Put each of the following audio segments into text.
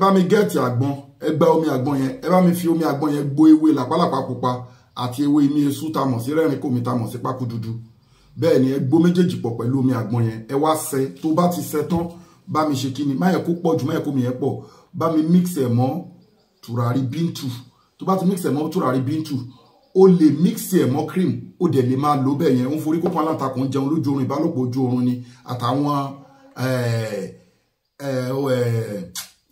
bá mi gẹ́ẹ̀tì àgbọn ẹ gba omi àgbọn yẹn ẹ bá mi fi omi àgbọn yẹn gbo ewé làpálàpá pupa àti ewé imí esú ta mọ̀ sí rẹ́rìn kòmí ta mọ̀ sí pákó dúdú bẹ́ẹ̀ ni ẹ gbó méjèèjì pọ̀ pẹ̀lú omi àgbọn yẹn ẹ wá ṣe tó bá ti ṣe tán bá mi ṣe kíni má yẹ kó pọ̀ jù má yẹ kó mi yẹn pọ̀ bá mi mix ẹ̀ mọ́ tùràrí bíntù tó bá ti mix ẹ̀ mọ́ tùràrí bíntù o lè mix ẹ̀ mọ́ cream ó dẹ̀ lè máa lò bẹ́ẹ̀ yẹn ń forí kókó alátakùn jẹun lójú oorun ìbálòpọ̀ ojú oorun ni àtàwọn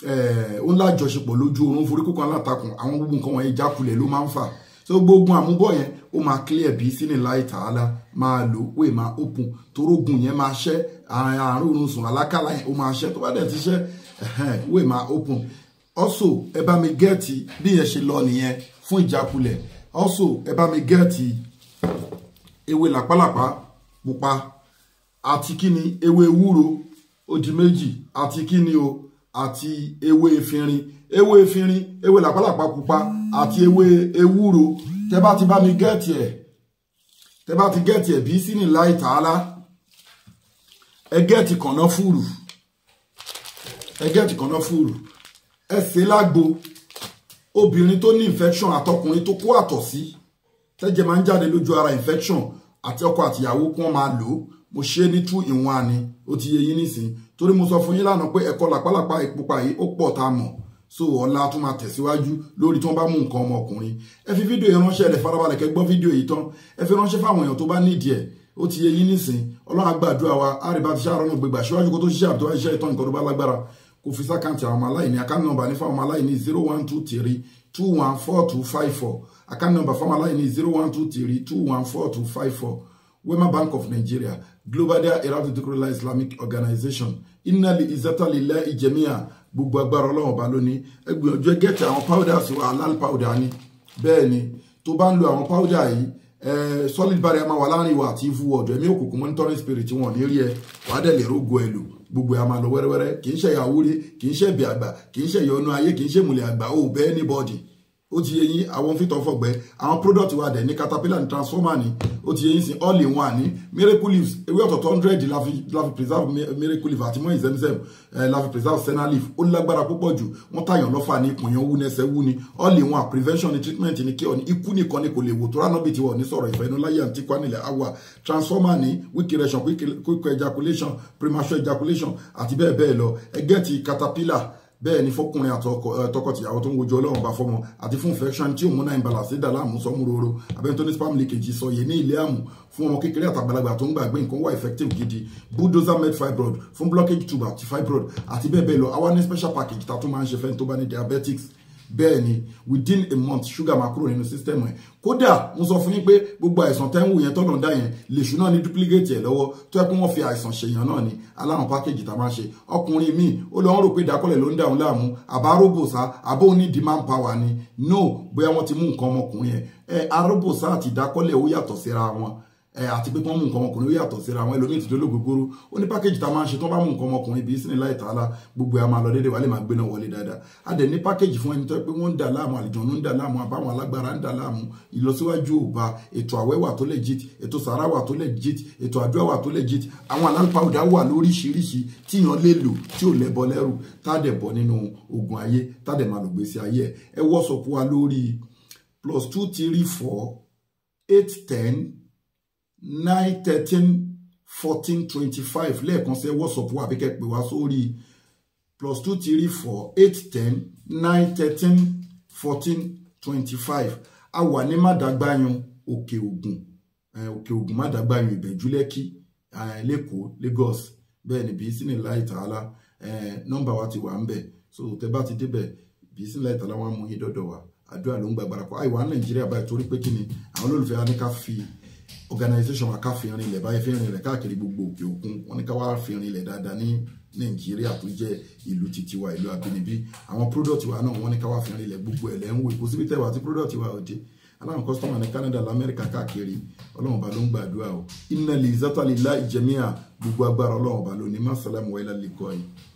Eh, ó ńlá àjọṣepọ̀ lójú oorun forí kókó alátakùn àwọn gbogbo nǹkan wọ̀nyí jákulẹ̀ ló máa ń fà so gbogbo àmúbọ̀ yẹn ó máa clear bí sínú láì tààlà máa lò ó pé máa open torógùn yẹn máa ṣẹ́ àárín oorun sùn alákàlà yẹn ó máa ṣẹ́ tó bá dẹ̀ ti ṣẹ́ wé máa open also ẹ bá mi gẹ́ẹ̀tì bí yẹn ṣe lọ nìyẹn fún ìjákulẹ̀ also ẹ bá mi gẹ́ẹ̀tì ewé làpálàpá pupa àti kíni ewé ewúro ó di méjì àti kíni o àti ewé efinrin ewé efinrin ewé làpálàpá pupa àti ewé ewúro tẹ́ bá ti bá mi gẹ́ẹ̀tì ẹ̀ tẹ́ bá ti gẹ́ẹ̀tì ẹ̀ bí sínú láì tààlà ẹ gẹ́ẹ̀tì kànáà fúrù ẹ gẹ́ẹ̀tì kànáà fúrù ẹ ṣe lágbo obìnrin tó ní infection àtọkùnrin tó kó àtọ̀ sí tẹ́jẹ̀ máa ń jáde lójú ara infection àti ọkọ àtìyàwó kí wọ́n máa lò ó mo ṣe é ní two in one ó ti yẹ yín nísìnyí torí mo sọ fún yín lánàá pé ẹ̀kọ́ làpálàpá ìpupa yìí ó pọ̀ tá a mọ̀ so ọ̀la tún máa tẹ̀síwájú lórí tí wọ́n bá mú nǹkan ọmọkùnrin ẹ fi fídíò yìí ránṣẹ́ ẹ̀ farabalẹ̀ kẹ́ gbọ́ fídíò yìí tán ẹ fi ránṣẹ́ fáwọn èèyàn tó bá nídìí ẹ̀ ó ti yẹ yín nísìn ọlọ́run àgbàdúrà wa àrèbá ti ṣàrọ̀nà gbégbà síwájú kó tó ṣiṣẹ́ àbúrò iṣẹ́ ìtàn nǹkan tó bá lágbára kò fi sákàǹtì àwọn aláìní àkáǹtì nọ́mbà ní fáwọn aláìní zero one two three two one four two five four àkáǹtì nọ́mbà fáwọn aláìní zero one two three two one four two five four Wema Bank of Nigeria, Global Dahiratu Dhikrlahi Islamic organisation. Inna li izzata lillahi jami'a, gbogbo agbára ọlọ́run ọba lónìí ẹgbẹ́ ọjọ́ gẹ́tì àwọn powders wa halal powder ni bẹ́ẹ̀ ni tó bá ń lo àwọn powder yìí solid barrier máa wà láàrin ìwà àti ìfú ọ̀dọ̀ ẹ̀mí òkùnkùn monitoring spirit wọn ní rí ẹ wàá dẹ̀ lè rógo ẹ lò gbogbo ẹ̀ máa lọ wẹ́rẹ́wẹ́rẹ́ kì í ṣe ìyàwó rẹ kì í ṣe ìbẹ̀ àgbà kì í ṣe ìyọnu ayé kì í ṣe ìmùlẹ̀ àgbà ó bẹ́ẹ̀ ní bọ́ọ̀dì ó ti yé yín àwọn fìtọ̀ fọ̀gbẹ́ àwọn product wa dẹ̀ ní caterpillar ní transformer ni ó ti yé yín all in one ni miracle leaves ewé ọ̀tọ̀tọ̀ hundred la fi preserve miracle leaves àti mọ́yìn zemzem eh, la preserve senna leaf ó lágbára púpọ̀ jù wọ́n tàyàn lọ́fà ní ìpòyàn wú nẹsẹ̀ wú ni all in one prevention ni treatment ni cure ni ikú nìkan ni kò lè wò tó rán nọ́bì tiwọ̀ ní sọ̀rọ̀ ìfẹ́ inú láyé àti kwanilẹ̀ awa transformer ní weak erection quick ejaculation premature ejaculation àti bẹ́ẹ̀ bẹ́ẹ̀ lọ ẹgẹ́ ti caterpillar bẹ́ẹ̀ ni fọkùnrin àtọkọtìyàwó tó ń wojú ọlọ́run bá fọmọ àti fún infection tí òun náà ń balà sí dàlámù sọmúroro abẹ́ntóní spam leakage sọyẹ ní ilé àmù fún ọmọ kékeré àtàgbàlagbà tó ń gbàgbé nǹkan wà effective gidi bulldozer med fibroid fún blockage tube àti fibroid àti bẹ́ẹ̀ bẹ́ẹ̀ lọ àwa ní special package tá a tún máa ń ṣe fẹ́ni tó bá ní diabetics bẹ́ẹ̀ ni within a month sugar máa kúrò nínú system ẹ̀ kódà mo sọ fún yín pé gbogbo àìsàn tẹ́ ń wò yẹn tọ́nà ń dá yẹn lèṣù náà ní duplicate ẹ̀ lọ́wọ́ tó yẹ kó wọ́n fi àìsàn ṣèyàn náà ni aláwọn pákéjì tá a máa ṣe ọkùnrin míì ó lọ ń rò pé ìdákọ́lẹ̀ ló ń dà òun láàmú àbáròbòsá àbó ní demand power ni no bóyá wọ́n ti mú nǹkan ọmọkùnrin yẹn ẹ aròbòsá àti ìdákọ́lẹ̀ ó yàtọ̀ síra wọn àti pé wọ́n mú nǹkan ọmọkùnrin ó yàtọ̀ síra àwọn ẹlòmíì tó lógógóró ó ní pákéjì tá a máa ń ṣe tó bá mú nǹkan ọmọkùnrin bíi sínú láì tààlà gbogbo ẹ̀ máa lọ déédéé wà lè máa gbéná wọlé dáadáa a dẹ̀ ní pákéjì fún ẹni tó pé wọ́n ń dà láàmú àlìjọ̀nú ń dà láàmú àbáwọn alágbára ń dà láàmú ìlọsíwájú òba ètò àwẹ́wà tó legit ètò sàrà wà tó legit ètò àdúrà wà tó legit àwọn alápàdà eight ten nine thirteen fourteen twenty five lẹ́ẹ̀kan sẹ́ wọ́sọ̀pù àbíkẹ́ pè wá sórí plus two three four eight ten nine thirteen fourteen twenty five a wà ní mádàgbáyan òkè ògùn òkè ògùn mádàgbáyan ìbẹ̀jú lẹ́kọ̀ọ́ Lagos bẹ́ẹ̀ ni bíi sínú láì tààlà nọ́mbà wa ti wà ń bẹ̀ so tẹ bá ti débẹ̀ bíi sínú láì tààlà wọn mú yín dọ́dọ̀ wa àdúrà ló ń gbàgbára kọ́ àìwá Nàìjíríà báyìí torí pé kí ni àwọn olólùfẹ́ wa ní ká fi Organisation wa ká fi rin ilẹ̀ báyìí fi rin ilẹ̀ káàkiri gbogbo òkè òkun wọn ní ká wá fi rin ilẹ̀ dáadáa ní nàìjíríà tó jẹ́ ìlú titi wa ìlú abínibí àwọn product wa náà wọn ní ká wá fi rin ilẹ̀ gbogbo ẹ̀ lẹ́ ń wò kò tẹ̀wá tí product wa ò dé aláwọn kọ́sítọ́mà ní canada lamẹ́ríkà káàkiri ọlọ́run ba ló ń gbàdúrà o inna li zata lillahi jamia gbogbo agbára ọlọ́run ba ló ní má sálámù wáyé lálẹ́ kọ́ yìí.